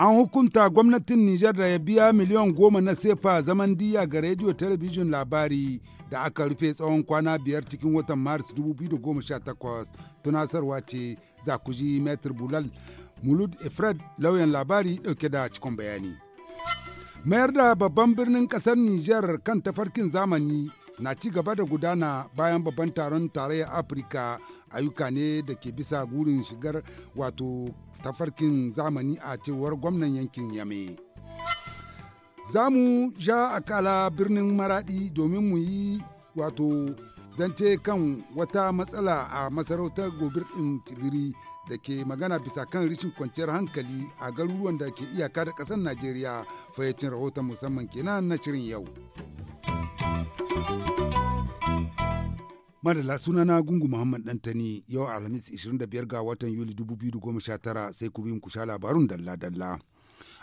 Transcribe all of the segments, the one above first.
An hukunta gwamnatin Nijar da ya biya miliyan goma na sefa zaman diya ga rediyo talabijin labari da aka rufe tsawon kwana biyar cikin watan Maris 2018 tunasarwa ce za ku ji Metr Bulal Mulud Efred lauyan labari dauke da cikon bayani. Mayar da babban birnin kasar Nijar kan tafarkin zamani na ci gaba da gudana bayan babban taron tarayyar Afirka ayyuka ne da ke bisa gurin shigar wato tafarkin zamani a cewar gwamnan yankin Yame. Za mu ja akala birnin maradi domin mu yi wato zance kan wata matsala a masarautar gobir ɗin tibiri da ke magana bisa kan rishin kwanciyar hankali a garuruwan da ke iyaka da ƙasar Najeriya fayyacin rahoton musamman kenan na shirin yau. madala sunana gungu muhammad dantani yau alhamis 25 ga watan yuli 2019 sai ku bi ku sha labarun dalla-dalla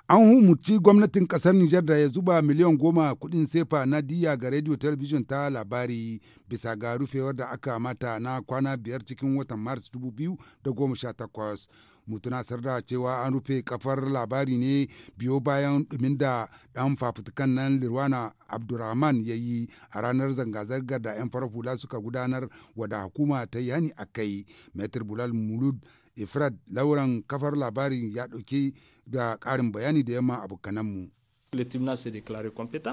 an humurci gwamnatin kasar nijar da ya zuba miliyan goma kudin sefa na diya ga rediyo talabijin ta labari bisa ga rufewar da aka mata na kwana biyar cikin watan maris 2018 mu tunasar da cewa an rufe kafar labari ne biyo bayan ɗumin da ɗan fafutukan nan lirwana abdurrahman ya yi a ranar zanga-zangar da 'yan farar hula suka gudanar wada hukuma ta yani a kai metir bulal mulud ifrad lauran kafar labarin ya ɗauki da ƙarin bayani da yamma mu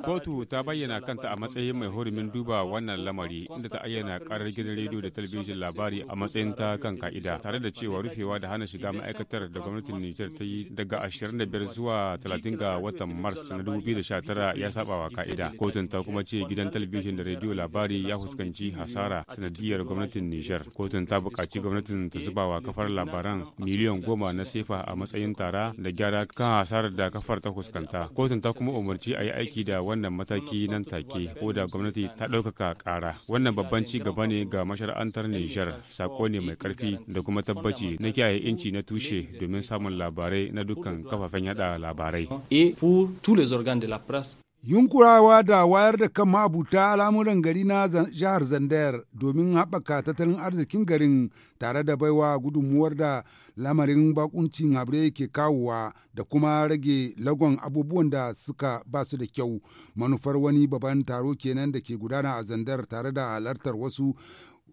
Kotu ta bayyana kanta a matsayin mai hurumin duba wannan lamari inda ta ayyana karar gidan rediyo da talabijin labari a matsayin ta kan ka'ida tare da cewa rufewa da hana shiga ma'aikatar da gwamnatin Nijar ta yi daga 25 zuwa 30 ga watan Mars na 2019 ya saba wa ka'ida. Kotun ta kuma ce gidan talabijin da rediyo labari ya fuskanci hasara sanadiyar gwamnatin Nijar. Kotun ta buƙaci gwamnatin ta zuba wa kafar labaran miliyan goma na sefa a matsayin tara da gyara kan hasarar da kafar ta fuskanta. Kotun ta kuma umarci a yi aiki da wannan mataki nan take ko da gwamnati ta ɗaukaka ƙara wannan babban ci gaba ne ga mashara'antar nijar sako ne mai ƙarfi da kuma tabbaci na kiyaye inci na tushe domin samun labarai na dukkan kafafen yada labarai Yunkurawa da wayar da kan mabuta al'amuran gari na jihar Zandayar domin haɓaka tattalin arzikin garin tare da baiwa gudunmuwar da lamarin bakuncin habre ke kawowa da kuma rage lagon abubuwan da suka ba su da kyau. Manufar wani babban taro kenan da ke gudana a Zandar tare da halartar wasu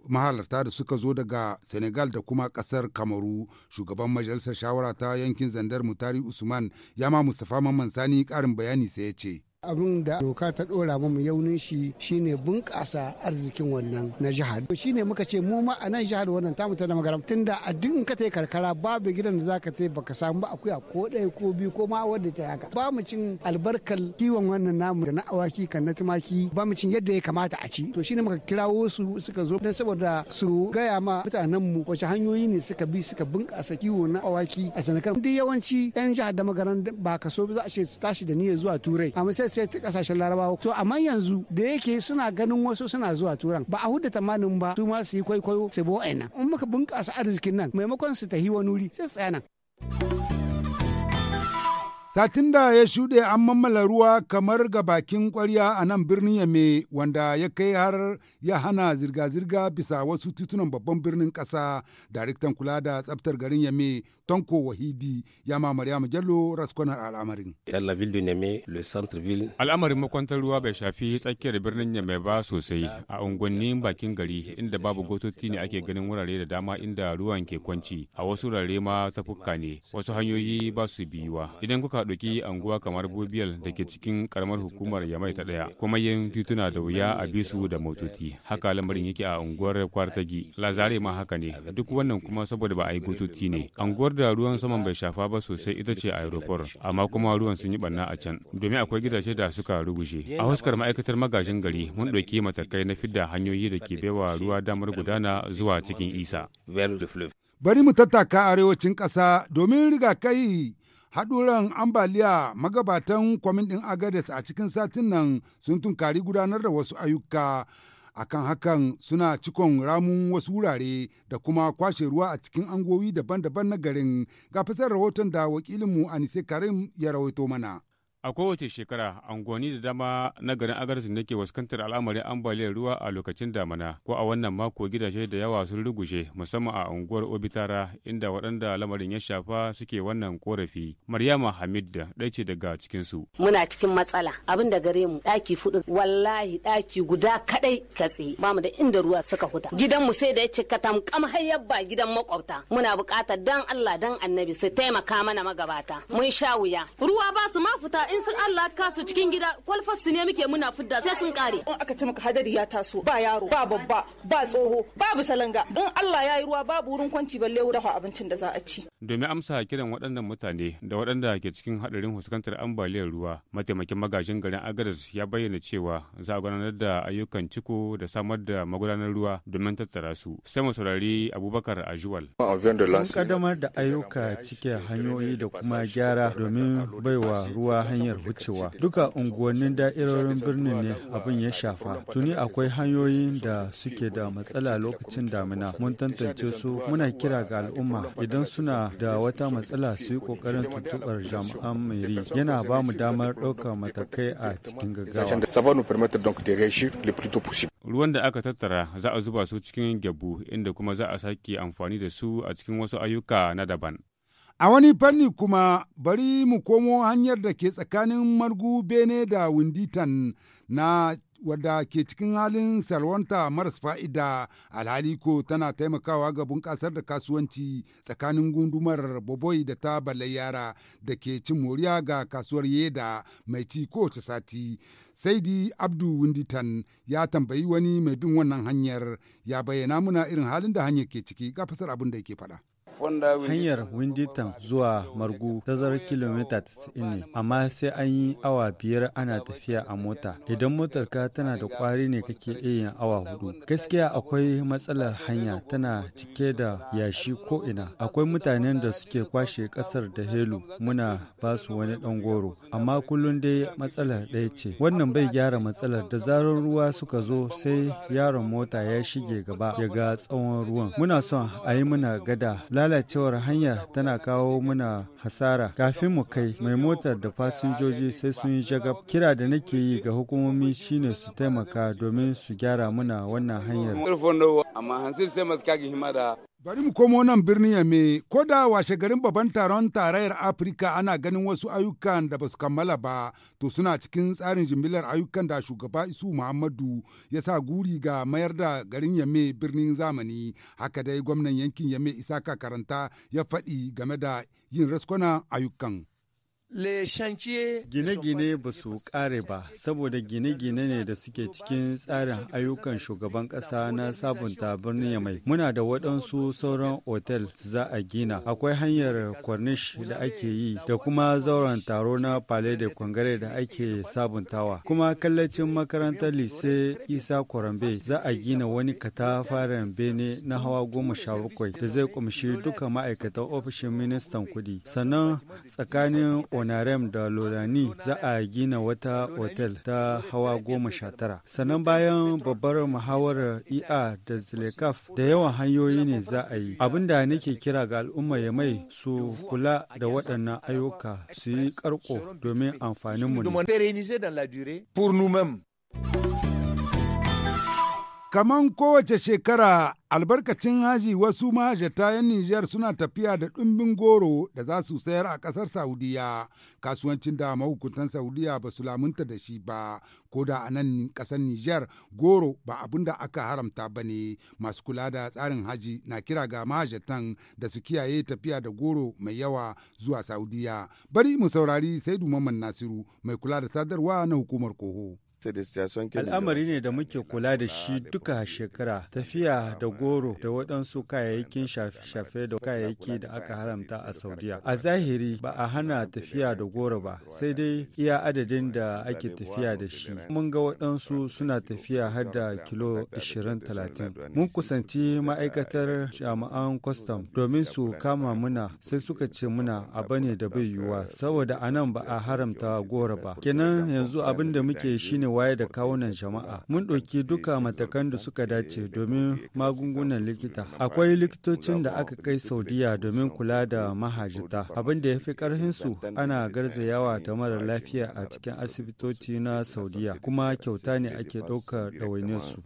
mahalarta da suka zo daga senegal da kuma kasar kamaru shugaban majalisar shawara ta yankin zandar mutari usman yama mustapha mamman sani karin bayani sai ya ce abin da doka ta dora mu yaunin shi shine bunƙasa arzikin wannan na jihar shine muka ce mu ma a nan jihar wannan tamu ta da tun tunda a duk in ka tai karkara babu gidan da zaka tai baka samu ba akuya ko ɗaya ko biyu ko ma wanda ta haka ba mu cin albarkal kiwon wannan namu da na awaki kan na tumaki ba mu cin yadda ya kamata a ci to shine muka kirawo su suka zo dan saboda su gaya ma mutanen mu wace hanyoyi ne suka bi suka bunƙasa kiwo na awaki a sanakar duk yawanci yan jihar da magana ba ka kaso za a ce su tashi da niyyar zuwa turai amma sai sai ta kasashen larabawa to amma yanzu da yake suna ganin wasu suna zuwa turan ba a huda tamanin ba su ma su yi kwaikwayo su bo in muka bunƙasa arzikin nan maimakon su tahi wani wuri sai tsaya nan. Satin da ya shuɗe an mammala ruwa kamar ga bakin ƙwarya a nan birnin Yame wanda ya kai har ya hana zirga-zirga bisa wasu titunan babban birnin ƙasa. Daraktan kula da tsaftar garin Yame Tonko Wahidi ya ma Maryamu Jallo raskonar al'amarin. Al'amarin makwantar ruwa bai shafi tsakiyar birnin Yame ba sosai a unguwannin bakin gari inda babu gototi ne ake ganin wurare da dama inda ruwan ke kwanci. A wasu wurare ma tafukka ne, wasu hanyoyi ba su biyuwa. Idan kuka muka ɗauki anguwa kamar Bobiyal da ke cikin karamar hukumar Yamai ta ɗaya, kuma yin tituna da wuya a bisu da motoci. Haka lamarin yake a unguwar Kwartagi, Lazare ma haka ne, duk wannan kuma saboda ba a yi gotoci ne. Anguwar da ruwan saman bai shafa ba sosai ita ce a aeroport, amma kuma ruwan sun yi barna a can, domin akwai gidaje da suka rubuce A huskar ma'aikatar magajin gari mun ɗauki matakai na fidda hanyoyi da ke baiwa ruwa damar gudana zuwa cikin isa. Bari mu tattaka arewacin ƙasa domin rigakai haɗuran ambaliya magabatan kwamin ɗin agades a cikin satin nan sun tunkari gudanar da wasu ayyuka akan hakan suna cikon ramun wasu wurare da kuma kwashe ruwa a cikin angowi daban-daban na garin ga fasar rahoton da wakilinmu anise karim ya rawaito mana A kowace shekara, angoni da dama na garin agarsin ne ke waskantar al'amarin ambaliyar ruwa a lokacin damana, ko a wannan mako gidaje da yawa sun rugushe musamman a unguwar Obitara inda waɗanda lamarin ya shafa suke wannan korafi. Maryama Hamid da ɗaya ce daga cikinsu. Muna cikin matsala, abin da gare mu ɗaki fudu. wallahi ɗaki guda kaɗai katse ba mu da inda ruwa suka huta. Gidan mu sai da ya cika tamkam har yabba gidan makwabta. Muna buƙatar dan Allah dan Annabi su taimaka mana magabata. Mun sha wuya. Ruwa ba su ma fita in sun Allah ka su cikin gida kwalfar su ne muke muna fidda sai sun kare. In aka ce maka hadari ya taso ba yaro ba babba ba tsoho babu salanga in Allah ya yi ruwa babu wurin kwanci balle wurin abincin da za a ci. Domin amsa kiran waɗannan mutane da waɗanda ke cikin hadarin fuskantar ambaliyar ruwa mataimakin magajin garin Agadas ya bayyana cewa za a gudanar da ayyukan ciko da samar da magudanar ruwa domin tattara su. Sai mu saurari Abubakar Ajuwal. Mun kaddamar da ayyuka cike hanyoyi da kuma gyara domin baiwa ruwa hanyar wucewa duka unguwannin da'irorin birnin ne abin ya shafa tuni akwai hanyoyin da suke da matsala lokacin damina mun tantance su muna kira ga al'umma idan suna da wata matsala su yi kokarin tuntuɓar jami'an mairi yana ba mu damar ɗaukar matakai a cikin gaggawa ruwan da aka tattara za a zuba su cikin gyabu inda kuma za a sake amfani da su a cikin wasu ayyuka na daban A wani fanni kuma bari mu komo hanyar da ke tsakanin margu bene da winditan na wadda ke cikin halin salwanta maras fa'ida alhali ko tana taimakawa ga bunƙasar da kasuwanci tsakanin gundumar boboi da ta yara da ke cin moriya ga kasuwar yeda mai ci kowace sati saidi abdu winditan ya tambayi wani mai bin wannan hanyar ya bayyana muna irin halin da hanyar ke ciki ga fasar abin da yake faɗa. Hanyar Winditan zuwa Margu tazarar kilomita 90 ne, amma sai an yi awa biyar ana tafiya a mota. Idan motarka tana da kwari ne kake iya yin awa hudu. Gaskiya akwai matsalar hanya tana cike da yashi ko ina. Akwai mutanen da suke kwashe kasar da helu muna ba su wani dan goro. Amma kullum dai matsalar ɗaya ce. Wannan bai gyara matsalar da zarar ruwa suka zo sai yaron mota ya shige gaba ya ga tsawon ruwan. Muna son a yi muna gada. lalacewar hanya tana kawo muna hasara kafin mu kai mai motar da fasinjoji sai sun yi jagab kira da nake yi ga hukumomi shine su taimaka domin su gyara muna wannan hanyar Bari mu komo nan birnin ya me ko da washe garin babban taron tarayyar Afirka ana ganin wasu ayyukan da ba su kammala ba, to suna cikin tsarin jimillar ayyukan da shugaba Isu Muhammadu ya sa guri ga mayar da garin ya me birnin zamani. Haka dai gwamnan yankin ya isa ka Karanta ya faɗi game da yin raskwana ayyukan. Gine-gine ba su ƙare ba, saboda gine-gine ne da suke cikin tsarin ayyukan shugaban ƙasa na sabunta birnin Yamai. Muna da waɗansu sauran otel za a gina. Akwai hanyar Cornish da ake yi, da kuma zauren taro na Palais de Congrès da ake sabuntawa. Kuma kallacin makarantar Lise Isa Kwarambe za a gina wani katafaren bene na hawa goma sha bakwai da zai kumshi duka ma'aikatan ofishin ministan kuɗi. Sannan tsakanin onarem da lorani za a gina wata otel ta hawa goma sha tara sannan bayan babbar muhawarar ia e da zilekaf da yawan hanyoyi ne za a yi abinda nake kira ga al'umma ya mai su kula da waɗannan ayyuka su yi karko domin amfaninmu ne. Kaman kowace shekara albarkacin haji wasu mahajata 'yan Nijar suna tafiya da ɗumbin goro da za su sayar a ƙasar Saudiya, kasuwancin da mahukuntan Saudiya ba su lamunta da shi ba, ko da a nan ƙasar Nijar goro ba abin da aka haramta ba ne. Masu kula da tsarin haji na kira ga mahajatan da su kiyaye tafiya da goro mai yawa zuwa Saudiya. Bari mu saurari Saidu Mamman Nasiru mai kula da sadarwa na hukumar Koho. Al'amari ne da muke kula da shi duka shekara, tafiya da goro da waɗansu kayayyakin shafe-shafe da kayayyaki da aka haramta a Saudiya. A zahiri ba a hana tafiya da goro ba, sai dai iya adadin da ake tafiya da shi. Mun ga waɗansu suna tafiya har da kilo 20-30. Mun kusanci ma'aikatar jami'an kwastam domin su kama muna sai suka ce muna abu ne da bai yiwuwa, saboda anan ba a haramta goro ba. Kenan yanzu abin da muke shine fannin waye da kawunan jama'a mun ɗauki duka matakan da suka dace domin magungunan likita akwai likitocin da aka kai saudiya domin kula da mahajita abin da ya fi ƙarfinsu ana garzayawa ta mara lafiya a cikin asibitoci na saudiya kuma kyauta ne ake ɗaukar ɗawainiyarsu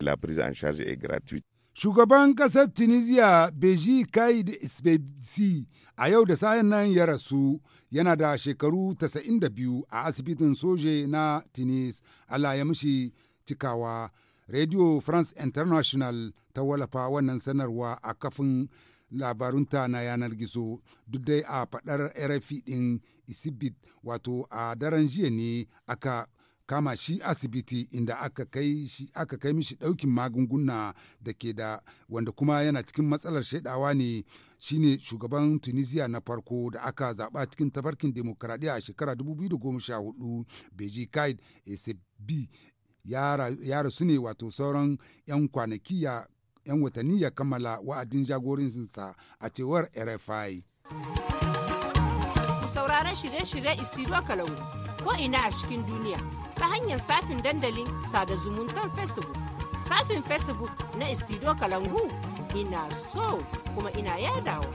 Shugaban ƙasar Tunisia Beji Kaid Isbebsi a yau da sayan nan ya rasu yana da shekaru 92 a asibitin soje na Tunis, Allah ya mishi cikawa. Radio France International ta wallafa wannan sanarwa a kafin labarunta na yanar gizo duk dai a faɗar RFI ɗin Isibit wato a daren jiya ne aka kama shi asibiti inda aka kai shi aka kai mishi daukin magunguna da ke da wanda kuma yana cikin matsalar shaidawa ne shine shugaban tunisia na farko da aka zaba cikin tafarkin demokaradiyya a shekara 2014 beji kaid acb ya rasu ne wato sauran 'yan kwanaki ya 'yan watanni ya kammala wa'adin jagorinsa a cewar rfi sauraron shirye shiryen istiro ko ina a cikin duniya ta hanyar safin dandalin sada zumuntar facebook safin facebook na istido kalangu ina so kuma ina yadawa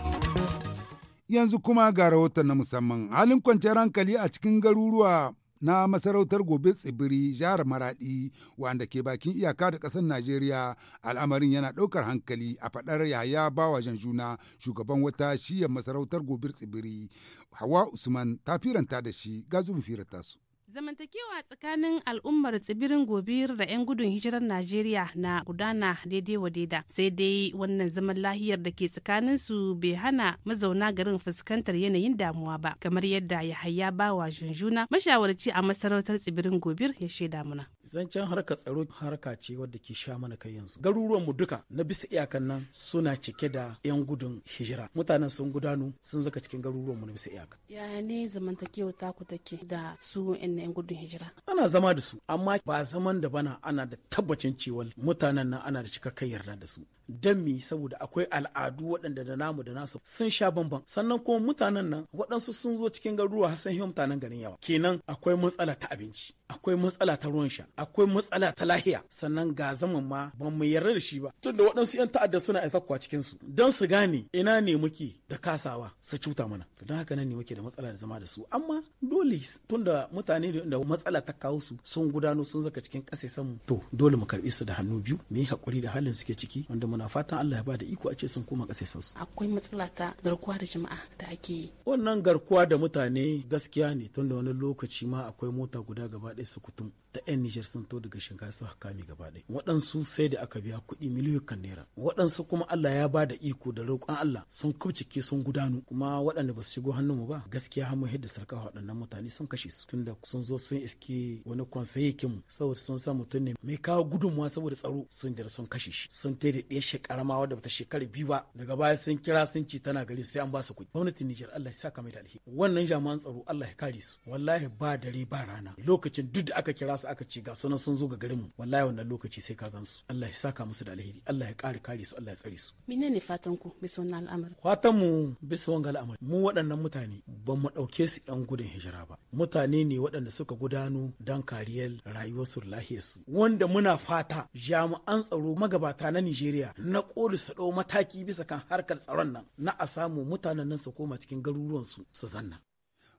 yanzu kuma ga rahoton na musamman halin kwanciyar hankali a cikin garuruwa na masarautar gobe tsibiri jihar maradi wanda ke bakin iyaka da ƙasar najeriya al'amarin yana ɗaukar hankali a faɗar yaya bawa janjuna shugaban wata shiyar masarautar gobe tsibiri hawa usman ta firanta da shi ga zubin firanta su Zamantakewa tsakanin al'ummar tsibirin gobir da 'yan gudun hijirar Najeriya na gudana daidai wa daida sai dai wannan zaman lahiyar da ke tsakanin su bai hana mazauna garin fuskantar yanayin damuwa ba kamar yadda Yahaya Bawa Junjuna mashawarci a masarautar tsibirin gobir ya shaida mana. Zancen harka tsaro harka ce wadda ke sha mana kai yanzu. Garuruwan mu duka na bisa iyakan nan suna cike da 'yan gudun hijira. Mutanen sun gudanu sun zaka cikin garuruwan mu na bisa iyaka. Yaya ne zamantakewa taku take da su 'yan na 'yan gudun hijira. Ana zama da su, amma ba zaman da bana ana da tabbacin cewa mutanen nan ana da cikakken yarda da su. Don mi saboda akwai al'adu waɗanda da namu da nasu sun sha bamban. Sannan kuma mutanen nan waɗansu sun zo cikin garuruwa sun yi mutanen garin yawa. Kenan akwai matsala ta abinci. akwai matsala ta ruwan sha akwai matsala ta lahiya sannan ga zaman ma ba mu yarda da shi ba tunda waɗansu 'yan ta'adda suna isa kwa cikin su don su gane ina ne muke da kasawa su cuta mana don haka nan ne muke da matsala da zama da su amma dole tunda mutane da matsala ta kawo su sun gudano sun zaka cikin ƙasa samu to dole mu karɓi su da hannu biyu mu yi hakuri da halin suke ciki wanda muna fatan Allah ya ba da iko a ce sun koma ƙasa su akwai matsala ta garkuwa da jama'a da ake wannan garkuwa da mutane gaskiya ne tunda wani lokaci ma akwai mota guda gaba ɗaya sukutun da 'yan Nijar sun to daga shinkafa su kame gaba ɗaya waɗansu sai da aka biya kuɗi miliyoyin naira waɗansu kuma Allah ya ba da iko da roƙon Allah sun kubcike sun gudanu kuma waɗanda ba su shigo hannunmu ba gaskiya mun hidda sarka waɗannan mutane sun kashe su tunda sun zo sun iske wani kwansaye mu saboda sun sa mutum ne mai kawo gudunmuwa saboda tsaro sun da sun kashe shi sun tai da ɗaya shekara ma wadda bata shekara biyu ba daga baya sun kira sun ci tana gari sai an ba su kuɗi gwamnatin Nijar Allah ya saka mai da alheri wannan jami'an tsaro Allah ya kare su wallahi ba dare ba rana lokacin duk da aka kira su aka ce ga sunan sun zo ga garinmu mu wallahi wannan lokaci sai ka gansu Allah ya saka musu da alheri Allah ya kare kare su Allah ya tsare su menene fatan ku bisa wannan al'amari fatan mu bisa wannan al'amari mu waɗannan mutane ba mu ɗauke su yan gudun hijira ba mutane ne waɗanda suka gudano dan kariyar rayuwarsu lahiyarsu wanda muna fata jami'an tsaro magabata na Nijeriya na koli su ɗau mataki bisa kan harkar tsaron nan na a samu mutanen nan su koma cikin garuruwansu su zanna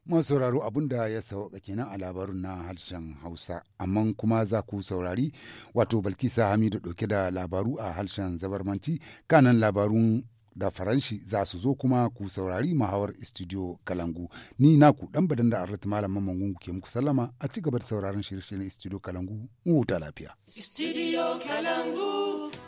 Man sauraro abin da ya sauka kenan a labarun na harshen Hausa, amma kuma za ku saurari wato Balkisa Hamidu dauke da labaru a harshen zabarmanci kanan labarun da faranshi za su zo kuma ku saurari mahawar studio kalangu ni na ku dan badan da arlit malam mamman ke muku sallama a ci gaba da sauraron shirye-shiryen studio kalangu mu huta lafiya studio kalangu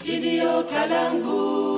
studio kalangu